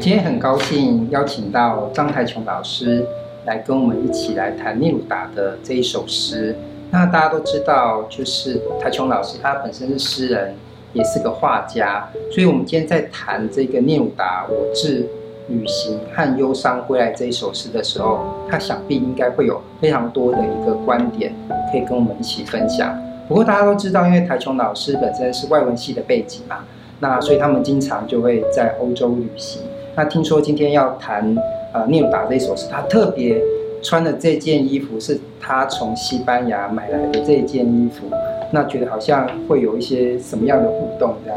今天很高興邀請到張台瓊老師來跟我們一起來談聶魯達的這一首詩。那大家都知道，就是台瓊老師，他本身是詩人，也是個畫家。所以，我們今天在談這個聶魯達《我自旅行和憂傷歸來》這一首詩的時候，他想必應該會有非常多的一個觀點可以跟我們一起分享。不過，大家都知道，因為台瓊老師本身是外文系的背景嘛，那所以他們經常就會在歐洲旅行。他聽說今天要談，呃，聶魯達這一首詩，他特別穿的這件衣服是他從西班牙買來的這件衣服，那覺得好像會有一些什麼樣的互動這樣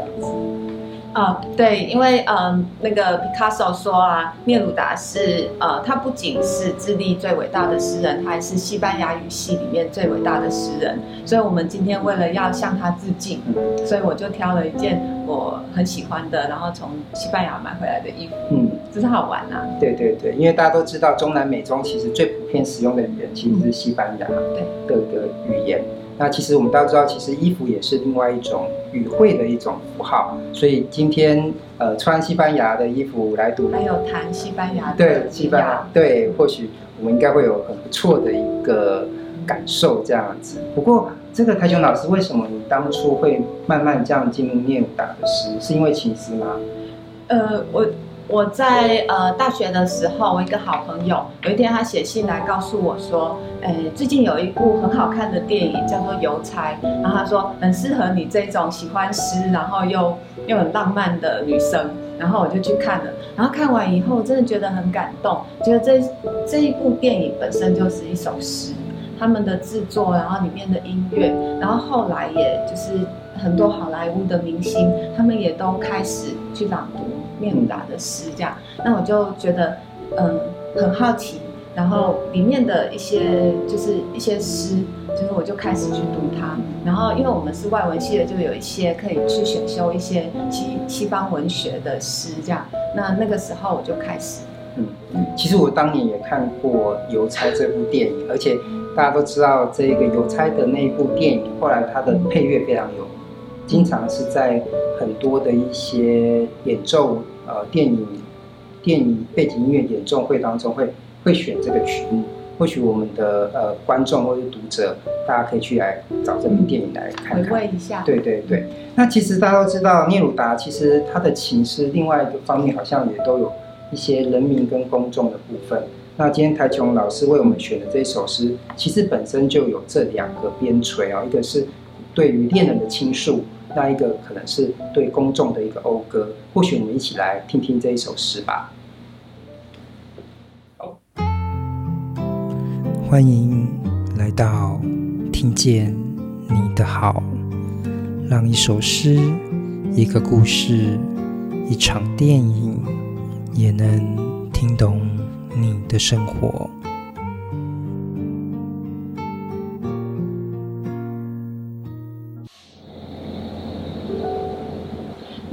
子。啊、嗯，對，因為呃、嗯，那個 Picasso 說啊，聶魯達是呃、嗯，他不僅是智利最偉大的詩人，他還是西班牙語系裡面最偉大的詩人。所以我們今天為了要向他致敬，所以我就挑了一件我很喜歡的，然後從西班牙買回來的衣服。嗯，真是好玩啊，對對對，因為大家都知道，中南美中其實最普遍使用的語言其實是西班牙的語，嗯。對，對對，語言。那其實我們都知道，其實衣服也是另外一種語彙的一種符號。所以今天，呃，穿西班牙的衣服來讀，還有彈西，西班牙，對西班牙，對，或許我們應該會有很不錯的一個感受這樣子。不過，這個台瓊老師為什麼你當初會慢慢這樣進入聶魯達的詩？是因為情詩嗎？呃，我。我在呃，大學的時候，我一個好朋友，有一天他寫信來告訴我說，哎、欸，最近有一部很好看的電影叫做《郵差》，然後他說很適合你這種喜歡詩，然後又又很浪漫的女生，然後我就去看了，然後看完以後我真的覺得很感動，覺得這這一部電影本身就是一首詩，他們的製作，然後裡面的音樂，然後後來也就是很多好萊塢的明星，他們也都開始去朗讀。面很大的詩，這樣，那我就覺得，嗯，很好奇，然後裡面的一些就是一些詩，就是我就開始去讀它，然後因為我們是外文系的，就有一些可以去選修一些西西方文學的詩，這樣，那那個時候我就開始，嗯，嗯其實我當年也看過《郵差》這部電影， 而且大家都知道這個《郵差》的那一部電影，後來它的配樂非常有名，經常是在很多的一些演奏。呃，電影電影背景音樂演奏會當中會會選這個曲目，或許我們的呃觀眾或是讀者，大家可以去來找這部電影來看看。回味一下。對對對、嗯。那其實大家都知道，聶、嗯、魯達其實他的情詩，另外一個方面好像也都有一些人民跟公眾的部分。那今天台瓊老師為我們選的這首詩，其實本身就有這兩個邊陲啊、哦，一個是對於戀人的傾訴。那一個可能是對公眾的一個謳歌，或許我們一起來聽聽這一首詩吧。歡迎來到聽見你的好，讓一首詩、一個故事、一場電影，也能聽懂你的生活。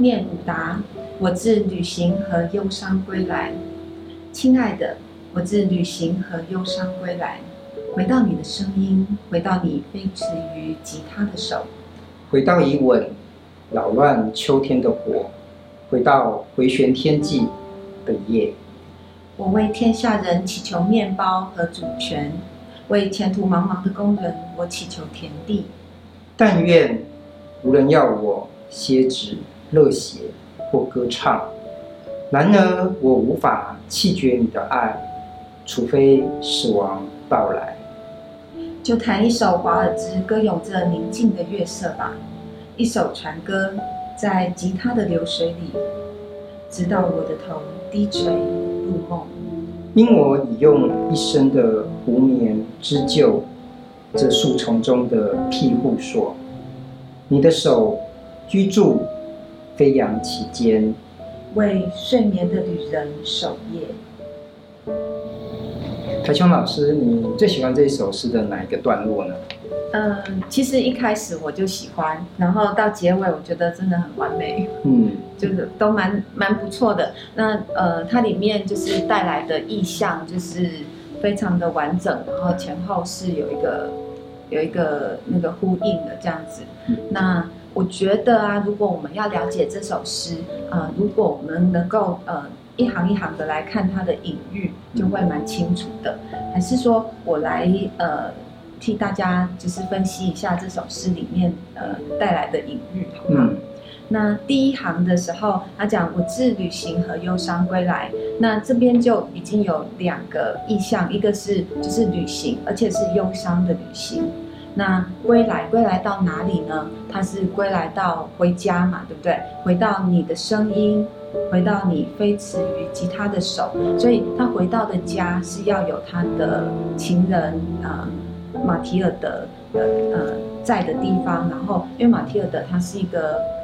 聶魯達，我自旅行和憂傷歸來。親愛的，我自旅行和憂傷歸來。回到你的聲音，回到你飛馳於吉他的手，回到以吻擾亂秋天的火，回到回旋天際的夜。我為天下人祈求麵包和主權，為前途茫茫的工人，我祈求田地。但願無人要我歇止。熱血或歌唱，然而我無法棄絕你的愛，除非死亡到來。就彈一首華爾茲，歌詠這寧靜的月色吧，一首船歌，在吉他的流水裡，直到我的頭低垂入夢。因我已用一生的無眠織就這樹叢中的庇護所，你的手居住。飛揚其間，為睡眠的旅人守夜。台瓊老師，你最喜歡這一首詩的哪一個段落呢？嗯，其實一開始我就喜歡，然後到結尾，我覺得真的很完美。嗯，就是都蠻蠻不錯的。那呃，它裡面就是帶來的意象就是非常的完整，然後前後是有一個有一個那個呼應的這樣子。嗯、那我覺得啊，如果我們要了解這首詩，啊、呃，如果我們能夠呃一行一行的來看它的隱喻，就會蠻清楚的。還是說我來呃替大家就是分析一下這首詩裡面呃帶來的隱喻，好不好、嗯？那第一行的時候，他講我自旅行和憂傷歸來，那這邊就已經有兩個意象，一個是就是旅行，而且是憂傷的旅行。那歸來，歸來到哪裡呢？他是歸來到回家嘛，對不對？回到你的聲音，回到你飛馳於吉他的手，所以他回到的家是要有他的情人啊、呃，馬提爾德呃呃在的地方。然後因為馬提爾德他是一個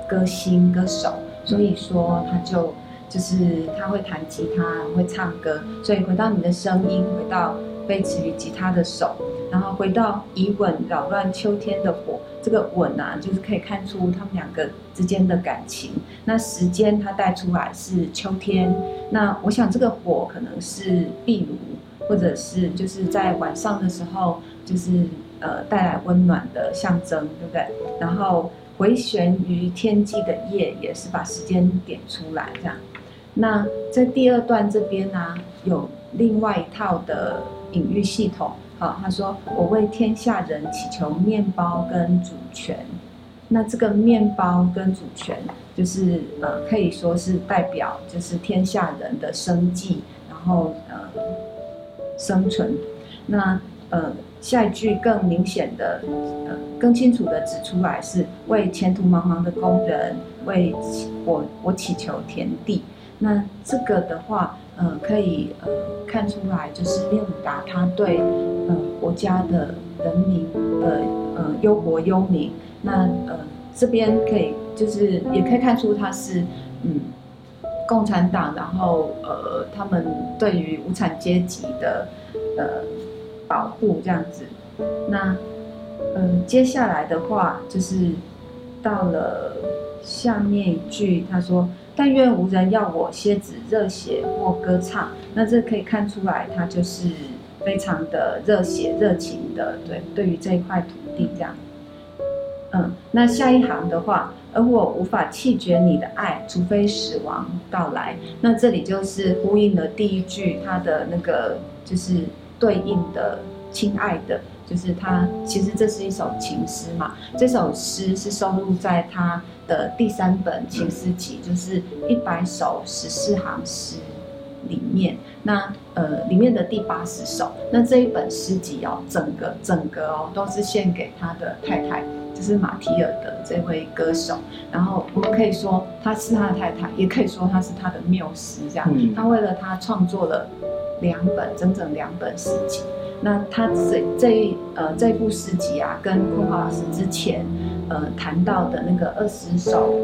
歌星歌手，所以說他就就是他會彈吉他，會唱歌，所以回到你的聲音，回到。飛馳於吉他的手，然後回到以吻擾亂秋天的火，這個吻啊，就是可以看出他們兩個之間的感情。那時間它帶出來是秋天，那我想這個火可能是壁爐，或者是就是在晚上的時候，就是呃帶來溫暖的象徵，對不對？然後迴旋於天際的夜也是把時間點出來，這樣。那在第二段這邊呢、啊，有另外一套的。領域系統，好，他說我為天下人祈求麵包跟主權，那這個麵包跟主權就是呃可以說是代表就是天下人的生計，然後呃生存。那呃下一句更明顯的、呃、更清楚的指出來是為前途茫茫的工人，為我我祈求田地。那這個的話。呃，可以呃看出來，就是聶魯達他對呃國家的人民的呃憂、呃、國憂民。那呃這邊可以就是也可以看出他是嗯共產黨，然後呃他們對於無產階級的呃保護這樣子。那呃接下來的話就是到了下面一句，他說。但願無人要我歇止熱血或歌唱，那這可以看出來，他就是非常的熱血、熱情的。對，對於這一塊土地這樣。嗯，那下一行的話，而我無法棄絕你的愛，除非死亡到來。那這裡就是呼應了第一句，他的那個就是對應的，親愛的，就是他。其實這是一首情詩嘛，這首詩是收錄在他。的第三本情詩集，就是一百首十四行詩裡面，那呃裡面的第八十首，那這一本詩集哦，整個整個哦都是獻給他的太太，就是馬提爾德這位歌手。然後我們可以說他是他的太太，也可以說他是他的繆斯，這樣。嗯。他為了他創作了兩本，整整兩本詩集。那他這這一呃這一部詩集啊，跟昆樺老師之前。呃，談到的那個二十首，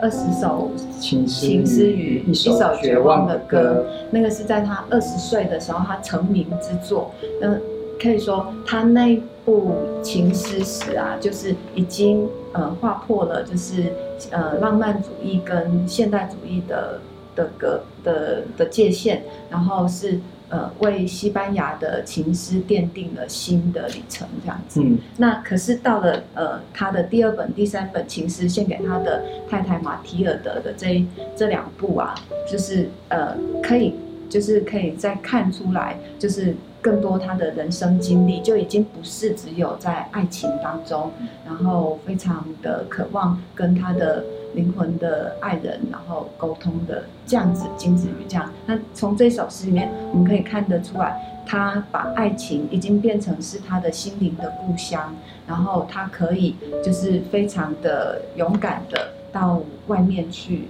二十首情詩，情詩與一首絕望的歌，那個是在他二十歲的時候，他成名之作。那，可以說他那部《情詩史》啊，就是已經呃劃破了，就是呃浪漫主義跟現代主義的的的的的界限，然後是。呃，為西班牙的情詩奠定了新的里程，這樣子。嗯。那可是到了呃，他的第二本、第三本情詩獻給他的太太馬提爾德的這一這兩部啊，就是呃，可以就是可以再看出來，就是更多他的人生經歷，就已經不是只有在愛情當中，然後非常的渴望跟他的。靈魂的愛人，然後溝通的這樣子，金子魚這樣。那從這首詩裡面，我們可以看得出來，他把愛情已經變成是他的心靈的故鄉，然後他可以就是非常的勇敢的到外面去，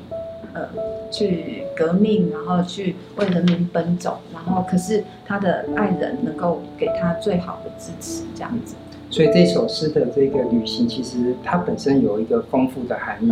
呃，去革命，然後去為人民奔走，然後可是他的愛人能夠給他最好的支持，這樣子。所以這首詩的這個旅行，其實它本身有一個豐富的含義。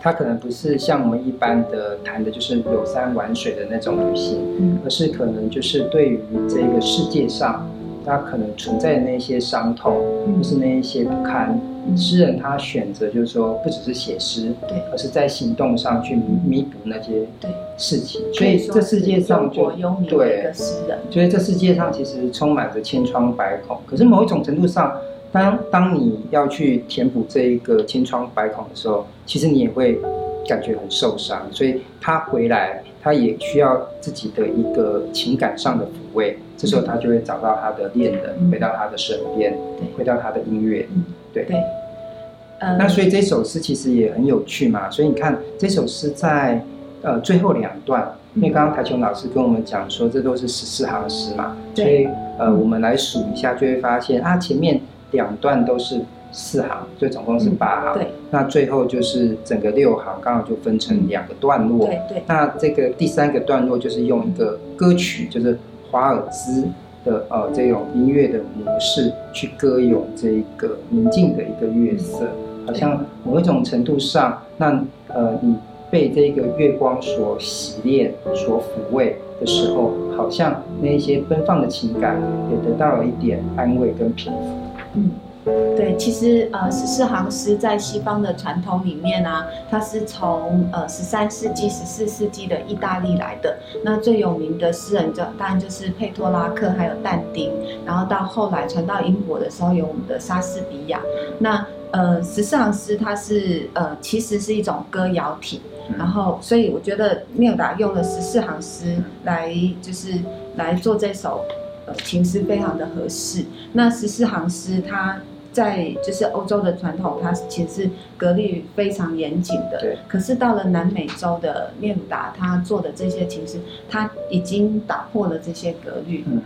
它可能不是像我們一般的談的，就是遊山玩水的那種旅行，而是可能就是對於這個世界上。他可能存在的那些傷痛，就、嗯、是那一些不堪，詩、嗯、人他選擇就是說，不只是寫詩，對，而是在行動上去彌補那些對事情對。所以這世界上就對詩人，所以這世界上其實充滿着千瘡百孔、嗯。可是某一種程度上，當當你要去填補這一個千瘡百孔的時候，其實你也會。感覺很受傷，所以他回來，他也需要自己的一個情感上的撫慰。這時候他就會找到他的戀人，嗯、回到他的身邊，嗯、回到他的音樂、嗯對。對。那所以這首詩其實也很有趣嘛。所以你看，這首詩在呃最後兩段、嗯，因為剛剛台瓊老師跟我們講說，這都是十四行詩嘛，所以呃我們來數一下，就會發現啊前面兩段都是。四行，所以總共是八行、嗯。對，那最後就是整個六行剛好就分成兩個段落。對對。那這個第三個段落就是用一個歌曲，嗯、就是華爾茲的、嗯、呃這種音樂的模式去歌詠這一個寧靜的一個月色、嗯，好像某一種程度上，那、嗯、呃你被這個月光所洗練、所撫慰的時候，好像那一些奔放的情感也得到了一點安慰跟平復。嗯。對，其實呃，十四行詩在西方的傳統裡面呢、啊，它是從呃十三世紀、十四世紀的意大利來的。那最有名的詩人就當然就是佩托拉克，還有但丁。然後到後來傳到英國的時候，有我們的莎士比亞。那呃，十四行詩它是呃，其實是一種歌謠體。然後，所以我覺得聶魯達用了十四行詩來就是來做這首呃情詩，非常的合適。那十四行詩它。在就是歐洲的傳統，它其實是格律非常嚴謹的。對。可是到了南美洲的聶魯達，他做的這些其實他已經打破了這些格律。嗯。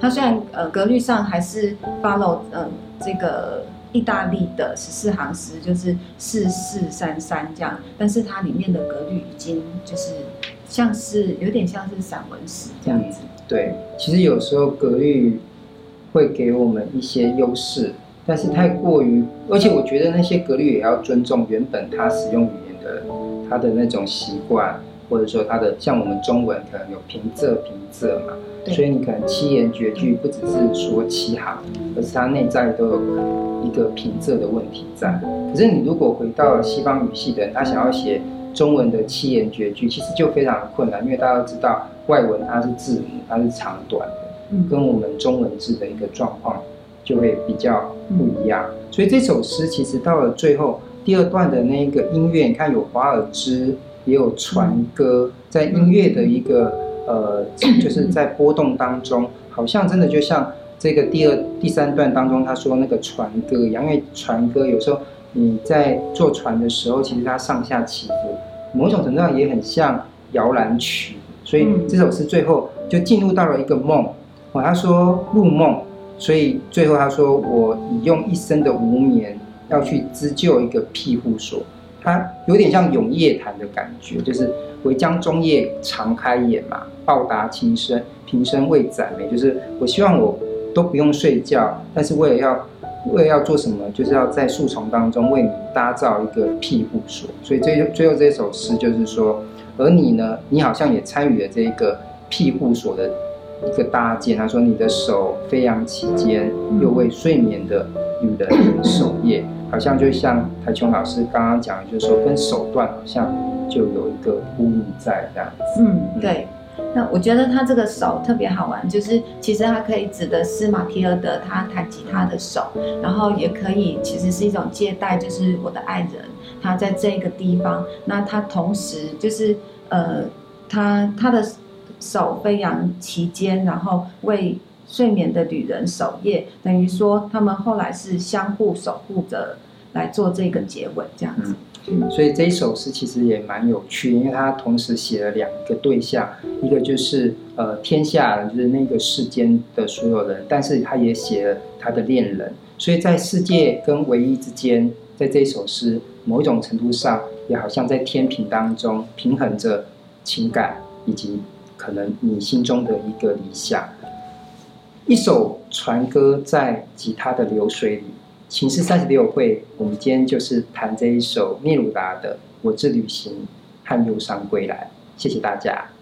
他、嗯、雖然呃格律上還是 follow 嗯、呃、這個意大利的十四行詩，就是四四三三這樣，但是它裡面的格律已經就是像是有點像是散文詩這樣子。對，其實有時候格律會給我們一些優勢。但是太過於，而且我覺得那些格律也要尊重原本他使用語言的他的那種習慣，或者說他的像我們中文可能有平仄平仄嘛，所以你可能七言絕句不只是說七行，而是它內在都有一個平仄的問題在。可是你如果回到了西方語系的人，他想要寫中文的七言絕句，其實就非常的困難，因為大家都知道外文它是字母，它是長短的，跟我們中文字的一個狀況。就會比較不一樣，所以這首詩其實到了最後第二段的那個音樂，你看有華爾茲，也有船歌，在音樂的一個呃，就是在波動當中，好像真的就像這個第二第三段當中他說那個船歌一樣，因為船歌有時候你在坐船的時候，其實它上下起伏，某種程度上也很像搖籃曲，所以這首詩最後就進入到了一個夢，我要說入夢。所以最後他說：“我已用一生的無眠要去織就一個庇護所，他有點像永夜談的感覺，就是‘我將終夜長開眼嘛，報答親深平生未展眉’，就是我希望我都不用睡覺，但是為了要為了要做什麼，就是要在樹叢當中為你搭造一個庇護所。所以最最後這首詩就是說，而你呢，你好像也參與了這個庇護所的。”一個搭建，他說你的手飛揚其間，又為睡眠的旅人守夜， 好像就像台瓊老師剛剛講，就是說跟手段好像就有一個呼應在這樣子。嗯，對。那我覺得他這個手特別好玩，就是其實他可以指的是馬提爾德他彈吉他的手，然後也可以其實是一種借代，就是我的愛人，他在這個地方。那他同時就是呃，他他的。手飛揚其間，然後為睡眠的旅人守夜，等於說他們後來是相互守護着來做這個結尾，這樣子、嗯。所以這一首詩其實也蠻有趣，因為它同時寫了兩個對象，一個就是呃天下，就是那個世間的所有人，但是他也寫了他的戀人，所以在世界跟唯一之間，在這首詩某一種程度上，也好像在天平當中平衡着情感以及。可能你心中的一個理想，一首船歌在吉他的流水裡，情詩三十六薈。我們今天就是彈這一首聶魯達的《我自旅行》和憂傷歸來。謝謝大家。